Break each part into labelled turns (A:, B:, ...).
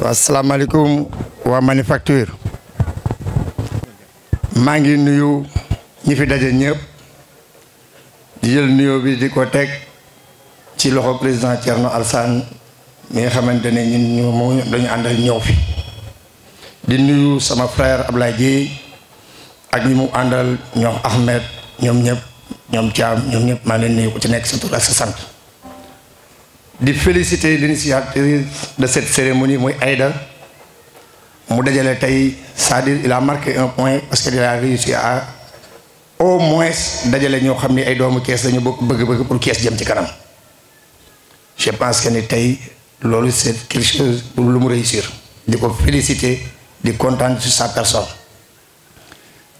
A: waaw asalaamaaleykum waa Manufacture maa ngi nuyu ñi fi daje ñëpp di jël nuyoo bi di ko teg ci loxo président Thierno Alassane mi nga xamante ne ñu moom dañu àndal ñëw fi di nuyu sama frère Ablaye Dieye ak ñi mu àndal ñoom Ahmed ñoom ñëpp ñoom Thiam ñoom ñëpp maa leen nuyu ci nekk sa tur ak sa sant di féliciter l'initiatrice de cette cérémonie muy Aïda mu dajale tey c'est-à-dire il marqué un point parce qu'il a réussi à au moins dajale ñoo xam ni ay doomu Cees lañu bokk bëgg-bëgg pour Cees jëm ci kanam je pense que ni tey loolu c'est quelque pour lu mu réussir di ko féliciter di kontaan sur sa personne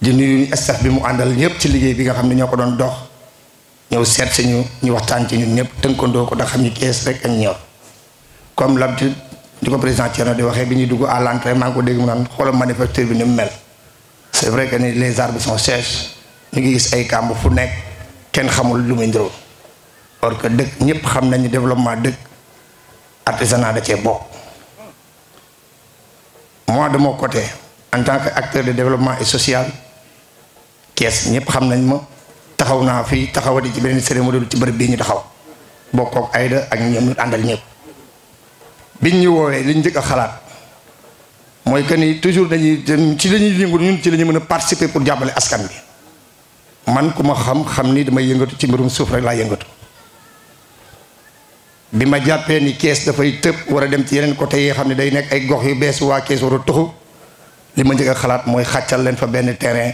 A: di nuyu staff bi mu àndal ñëpp ci liggéey bi nga xam ne ñoo ko doon dox ñëw seet si ñu ñu waxtaan ci ñun ñep tënkandoo ko da xamni ni rek ak ñor comme l'habitude diko ko président Thierno di waxe biñu ñuy dugg à l'entrée maa ko dégg mu nan xoolal manufacture bi ni mel c'est vrai que ni les arbres sont sèches ni gis ay kàmb fu nek ken xamul lu muy ndiroo or que dëkk ñëpp xam nañu développement dëkk artisanat da ci bok moi de mon côté en tant que acteur de développement et social kees ñep xam nañ ma taxaw naa fii taxawati ci beneen mu lu ci bërëb bii ñu taxaw bokkook ayda ak ñoom ñu àndal ñëpp biñ ñu woowee li njëkk a xalaat mooy que ni toujours dañuy ci lañuy ñuy ñu ñun ci la mën a participer pour jàppale askan bi man ku ma xam xam ni damay yëngatu ci mbirum suuf rek laa yëngatu bi ma jàppee ni kees dafay tëb war a dem ci yeneen ko te yi xam ne day nekk ay gox yu bees waa kees war a tuxu li ma njëkk xalaat mooy xàccal leen fa benn terrain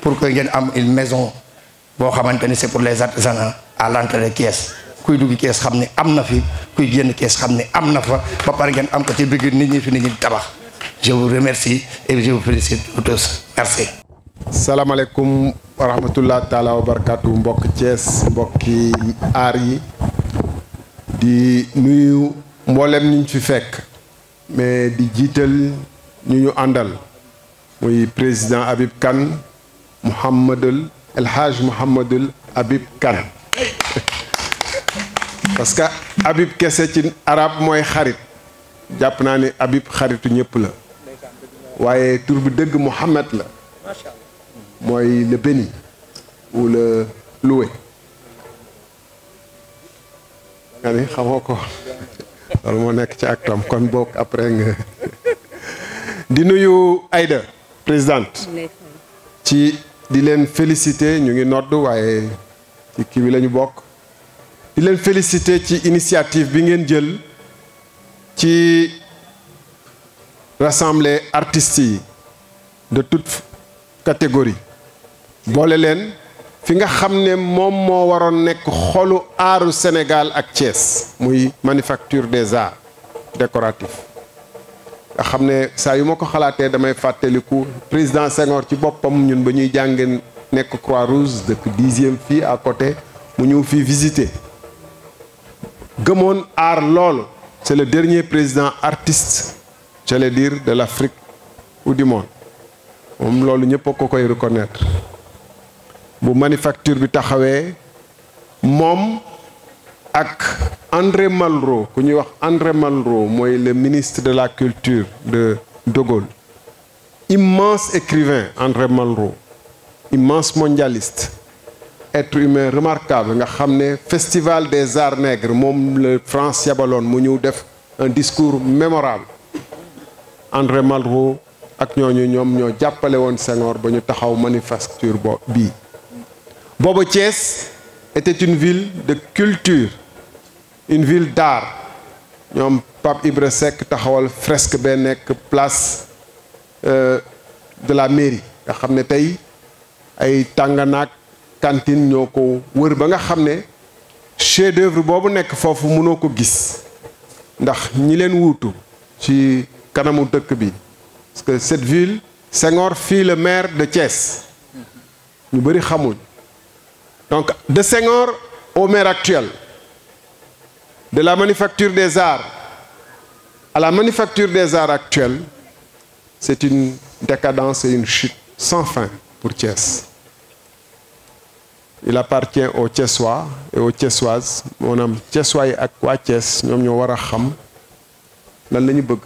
A: pour que y ait une maison boo xamante c'est pour les artisans à l'entrée de Thiès kuy dugg Thiès xam ne am na fi kuy génn Thiès xam ne am na fa ba pare ngeen am ko ci biir nit ñi fi nit ñi tabax je vous remercie et je vous félicite tous merci.
B: salaamaaleykum wa rahmatullah taala wa barakaatu mbok Thiès mbok aar yi di nuyu mboolem niñ fi fek mais di jiital ñu ñu muy président Habib Kane. محمد الحاج محمد الحبيب كان باسكو حبيب كاسيتين عرب موي خريط جابناني ابيب خريط نييب لا وايي تور بي دغ محمد لا ما شاء الله موي لو ولا لوي يعني خاموكو لول مو نيك تي اكتام كون بوك ابري دي نيو ايدا بريزيدنت ci di leen félicité ñu ngi nodd waaye ci ki bi lañu bokk di leen félicité ci initiative bi ngeen jël ci rassembler artistes yi de toute catégorie boole leen fi nga xam ne moom moo waroon nekk xolu aaru Sénégal ak Thiès muy manufacture des arts décoratifs xamné xam ne yu ma ko damay fàttaliku président Senghor ci bopam ñun ba ñuy jàngeen nekk Croix Rouge 10 dixième fi à côté mu ñu fi visiter gëmoon aar lool c'est le dernier président artiste j'allais dire de l'Afrique ou du monde moom lool ñepp ko koy reconnaître bu manufacture bi taxawé mom ak André Malraux André Malraux le ministre de la culture de De Gaulle immense écrivain André Malraux immense mondialiste être humain remarquable nga festival des arts nègres le le France yabalone mu un discours mémorable André Malraux ak avons fait ñoo discours mémorable Senghor ba ñu taxaw manufacture était une ville de culture une ville d'art ñoom Pape Ibra Seck taxawal fresque ba place euh, de la mairie nga xam ne ay tànganaak cantine ñoo ko wër ba nga xam chef d'œuvre boobu nekk foofu mënoo ko gis ndax ñi leen wuutu ci kanamu dëkk bi parce que cette ville Senghor fii le maire de Thiès ñu bari xamuñ donc de Senghor au maire actuel de la manufacture des arts à la manufacture des arts actuelle, c'est une décadence et une chute sans fin pour Thiès. Il appartient aux Thiessois et aux Thiessoises Mon Thiessois yi ak waa Thiès nous ñoo war a xam lan la Nous bëgg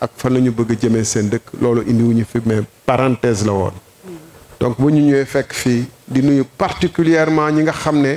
B: ak fan nous. Nous bëgg a jëmee seen dëkk loolu fi parenthèse donc nous avons fait fekk Nous di particulièrement ñi nga nous.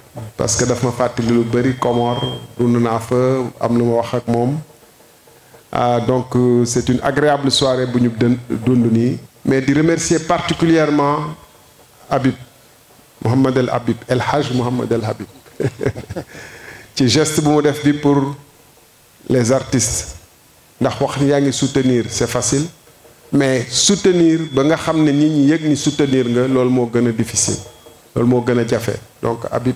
B: parce que daf ma fàttali lu bëri Comore dund na fa am lu wax ak vous ah, donc euh, c'est une agréable soirée que nous dund mais di remercier particulièrement Abib, Mohamed El Habib El Haj Mohamed El Habib ci geste bu mu def pour les artistes ndax wax ni vous ngi soutenir c'est facile mais soutenir ba nga xam ne nit ñi ni soutenir nga loolu mo gëna difficile mo gëna jafé donc Habib